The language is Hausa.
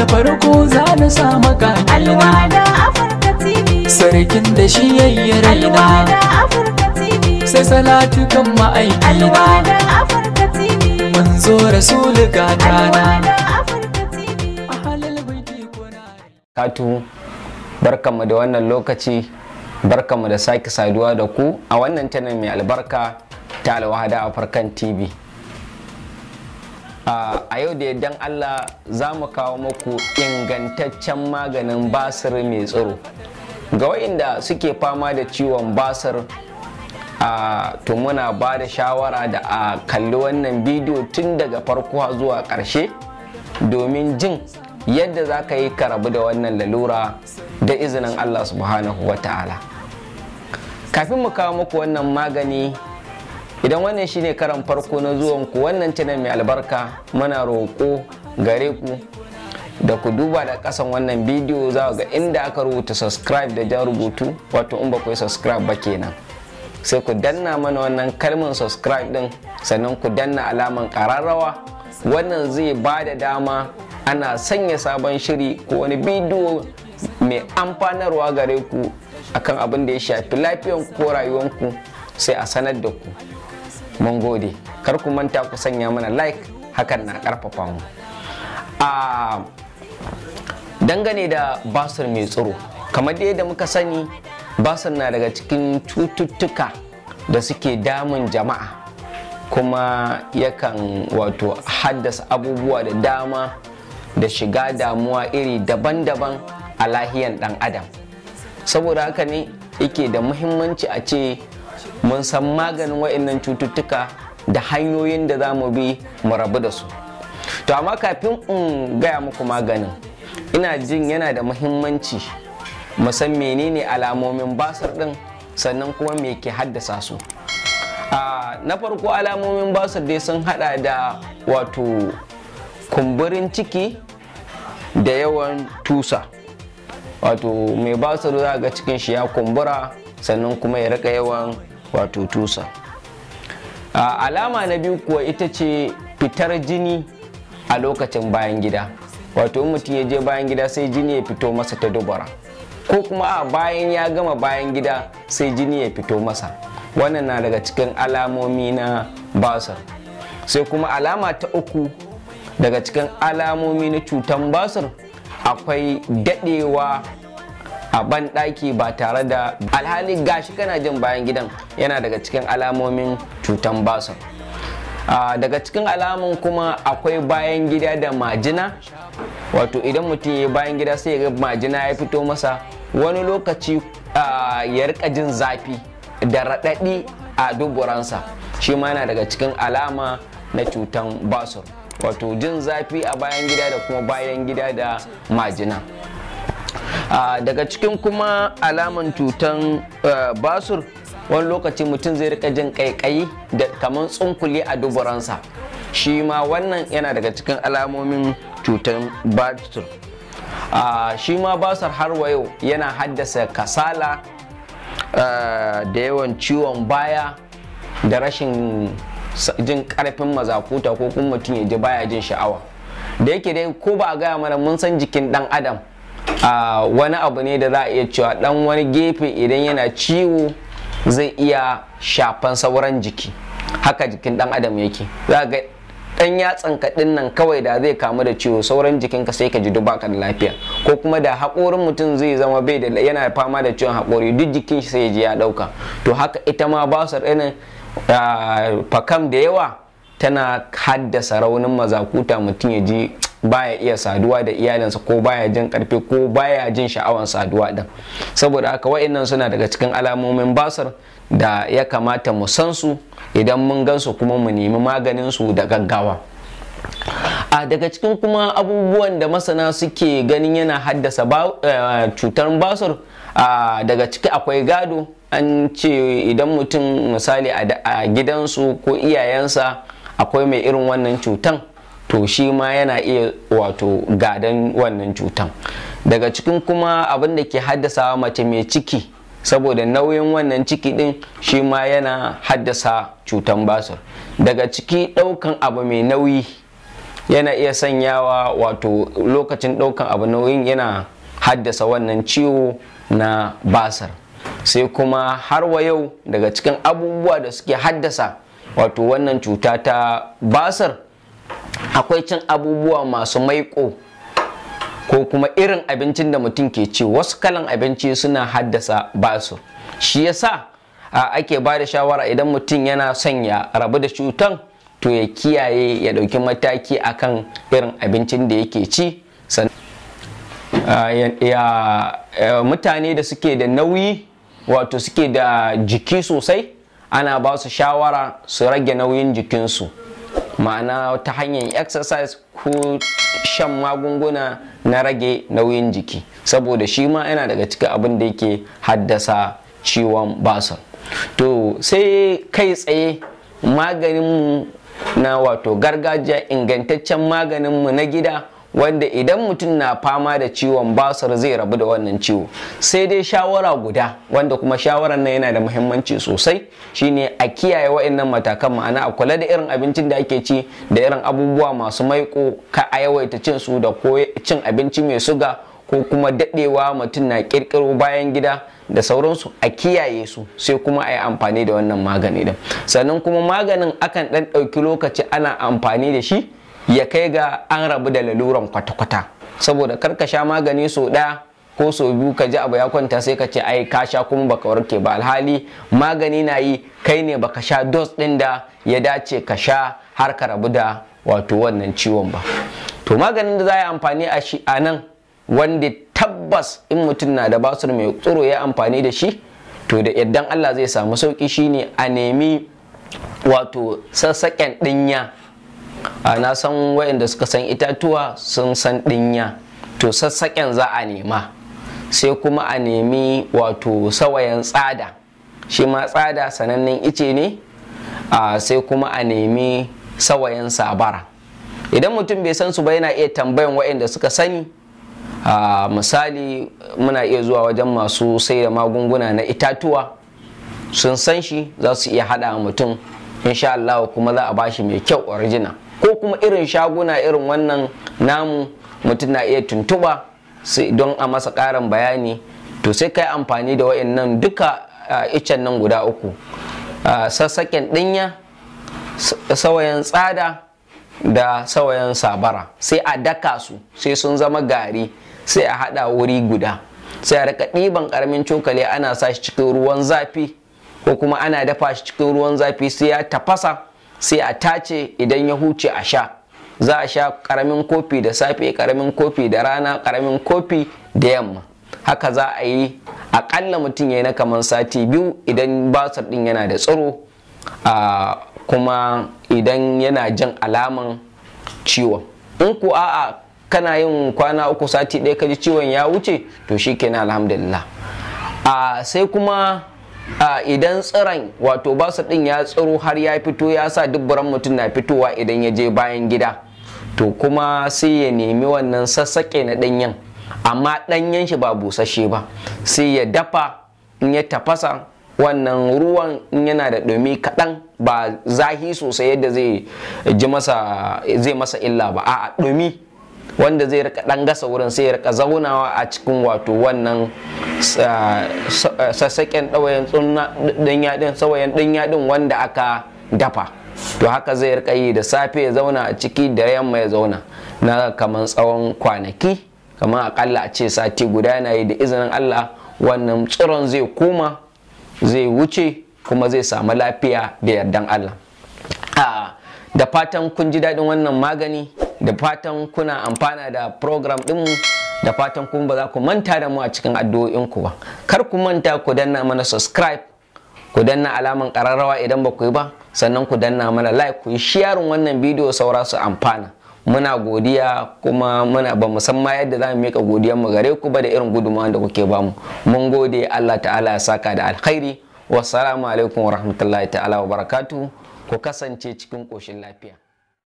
da farko za na sa maka alwada afirka tv sarkin da shi yayye raina afirka tv sai salatu kan ma'aiki alwada afirka tv manzo rasulu gatana Katu, barkanmu da wannan lokaci, barkanmu da sake saduwa da ku a wannan tana mai albarka ta alwahada Afirkan TV. a yau da dan Allah za mu kawo muku ingantaccen maganin basir mai tsiro ga wayanda suke fama da ciwon basir a to muna ba da shawara da a kalli wannan bidiyo tun daga farko zuwa ƙarshe domin jin yadda za ka yi karabu da wannan lalura da izinin Allah subhanahu wa ta'ala kafin mu kawo muku wannan magani idan wannan shine karan farko na zuwan ku wannan tunan mai albarka muna roƙo gare ku da ku duba da ƙasan wannan bidiyo za ga inda aka rubuta subscribe da jan rubutu wato in ba ku yi subscribe ba kenan sai ku danna mana wannan kalmin subscribe din sannan ku danna alaman ƙararrawa wannan zai ba da dama ana sanya sabon shiri ko wani bidiyo mai amfanarwa gare ku akan abin da ya shafi lafiyanku ko rayuwanku sai a sanar da ku mun gode kar ku manta ku sanya mana like hakan na karfafa mu a dangane da basir mai tsoro kamar dai da muka sani basir na daga cikin cututtuka da suke damun jama'a kuma yakan wato haddasa abubuwa da dama da shiga damuwa iri daban-daban a lahiyan dan adam saboda haka ne yake da muhimmanci a ce mun san maganin wa'annan cututtuka da hanyoyin da za mu bi mu rabu da su to amma kafin in gaya muku maganin ina jin yana da muhimmanci mu san menene alamomin basar din sannan kuma me ke haddasa su na farko alamomin basar dai sun hada da wato kumburin ciki da yawan tusa wato mai basar za ga cikin shi ya kumbura sannan kuma ya rika yawan wato tusa alama na biyu kuwa ita ce fitar jini a lokacin bayan gida wato mutum ya je bayan gida sai jini ya fito masa ta dubara ko kuma a bayan ya gama bayan gida sai jini ya fito masa wannan na daga cikin alamomi na basar sai kuma alama ta uku daga cikin alamomi na cutan basar akwai dadewa a ban ɗaki ba tare da alhali gashi kana jin bayan gidan yana daga cikin alamomin cutan basur daga cikin alamun kuma akwai bayan gida da majina wato idan mutum ya bayan gida sai ga majina ya fito masa wani lokaci ya rika jin zafi da raɗaɗi a duburansa shi ma yana daga cikin alama na cutan basur wato jin zafi a bayan gida da kuma bayan gida da majina daga cikin kuma alaman cutan basur wani lokaci mutum zai rika jin kaikayi da kamar tsunkule a duburansa shi ma wannan yana daga cikin alamomin cutan basur shi ma basur har wayo yana haddasa kasala da yawan ciwon baya da rashin jin karfin mazakuta ko kuma mutum ya ji baya jin sha'awa da yake dai ko ba a gaya mana mun san jikin dan adam wani abu ne da za a iya cewa dan wani gefe idan yana ciwo zai iya shafan sauran jiki haka jikin dan adam yake za ga dan yatsan ka nan kawai da zai kamu da ciwo sauran jikinka sai ka ji dubaka da lafiya ko kuma da haƙorin mutum zai zama bai da yana fama da ciwon haƙori duk jikin shi sai ya ji ya ɗauka to haka ita ma ba su irin fakam da yawa tana haddasa raunin mazakuta mutum ya ji baya iya saduwa da iyalinsa ko baya jin karfi ko baya jin sha'awar saduwa din saboda haka wa'annan suna daga cikin alamomin basar da ya kamata mu san su idan mun gan su kuma mu nemi maganin su da gaggawa a daga cikin kuma abubuwan da masana suke ganin yana haddasa eh, cutar basur daga ciki akwai gado an ce idan mutum misali a gidansu ko iyayensa akwai mai irin wannan cutan to shi ma yana iya wato gadan wannan cutan daga cikin kuma abin da ke haddasa mace mai ciki saboda nauyin wannan ciki din shi ma yana haddasa cutan basir daga ciki ɗaukan abu mai nauyi yana iya sanyawa wato lokacin ɗaukan abu nauyin yana haddasa wannan ciwo na basir sai kuma har wa yau daga cikin abubuwa da suke haddasa wato wannan cuta ta basir akwai cin abubuwa masu maiko ko kuma irin abincin da mutum ke ci wasu kalan abinci suna haddasa basu shi yasa ake ba da shawara idan mutum yana son ya rabu da cutan to ya kiyaye ya ɗauki mataki akan irin abincin da yake ci mutane da suke da nauyi wato suke da jiki sosai ana ba su shawara su rage nauyin jikinsu ma'ana ta hanyar exercise ko shan magunguna na rage nauyin jiki saboda shi ma yana daga cikin abin da yake haddasa ciwon basal to sai kai tsaye maganinmu na wato gargajiya ingantaccen maganinmu na gida wanda idan mutum na fama da ciwon basar zai rabu da wannan ciwo sai dai shawara guda wanda kuma shawarar nan yana da muhimmanci sosai shine a kiyaye wa'annan matakan ma'ana a kula da irin abincin da ake ci da irin abubuwa masu maiko ka a yawaita cin su da ko cin abinci mai suga ko kuma dadewa mutum na kirkiro bayan gida da sauransu a kiyaye su sai kuma a yi amfani da wannan magani din sannan kuma maganin akan dan ɗauki lokaci ana amfani da shi ya kai ga an rabu da laluran kwata-kwata saboda karka sha magani so ɗaya ko so biyu ka ji abu ya kwanta sai ka ce ai ka sha kuma baka warke ba alhali magani na yi kai ne baka sha dos ɗin da ya dace ka sha har ka rabu da wato wannan ciwon ba to maganin da za a amfani a shi a nan wanda tabbas in mutum na da basur mai tsoro ya amfani da shi to da yadda Allah zai samu sauki shine a nemi wato sassaƙen ɗinya a na san waɗanda suka san itatuwa sun san ɗinya to sassaƙen za a nema sai kuma a nemi wato sawayan tsada shi ma tsada sanannen ice ne sai kuma a nemi sawayan sabara idan mutum bai san su ba yana iya tambayan waɗanda suka sani misali muna iya zuwa wajen masu sai da magunguna na itatuwa sun san shi za su iya haɗa mutum insha Allah kuma za a bashi mai kyau original ko kuma irin shaguna irin wannan namu mutum na iya tuntuba don a masa ƙarin bayani to sai ka yi amfani da wa'annan duka icen nan guda uku sassaken ɗinya sawayan tsada da sawayan sabara sai a daka su sai sun zama gari sai a haɗa wuri guda sai a rika ɗiban ƙaramin cokali ana sa shi cikin ruwan zafi ko kuma ana dafa shi cikin ruwan zafi sai ya tafasa sai a tace idan ya huce a sha za a sha karamin kofi da safe karamin kofi da rana karamin kofi da yamma haka za a yi akalla mutum ya yi na kamar sati biyu idan basar din yana da tsaro a kuma idan yana jan alaman ciwon in ku a'a kana yin kwana uku sati ɗaya ka ji ciwon ya wuce to shi kenan alhamdulillah a sai kuma idan tsiran, wato basu ɗin ya tsiro har ya fito ya sa dubburan mutum na fitowa idan ya je bayan gida to kuma sai ya nemi wannan sassaƙe na ɗanyen amma ɗanyen shi ba busasshe ba sai ya dafa in ya tafasa wannan ruwan yana da ɗumi kaɗan ba zahi sosai yadda zai ji masa zai masa illa ba a'a ɗumi wanda zai rika ɗan gasa wurin sai ya rika zaunawa a cikin wato wannan sassaƙen ɗawayen ɗin sawayen ɗin yaɗin wanda aka dafa to haka zai rika yi da safe ya zauna a ciki da yamma ya zauna na kamar tsawon kwanaki kamar akalla a ce sati guda yana yi da izinin Allah wannan tsiron zai kuma zai wuce kuma zai samu lafiya da yardan Allah da fatan kun ji daɗin wannan magani da fatan kuna amfana da program ɗinmu da fatan kuma ba za ku manta da mu a cikin addu'o'inku ba kar ku manta ku danna mana subscribe ku danna alaman kararrawa idan ba ku yi ba sannan ku danna mana like ku yi wannan bidiyo saura su amfana muna godiya kuma muna ba musamman yadda za mu mika godiyar mu gare ku ba da irin guduma da kuke ba mu mun gode Allah ta'ala ya saka da alkhairi wassalamu alaikum warahmatullahi ta'ala wa barakatu ku kasance cikin koshin lafiya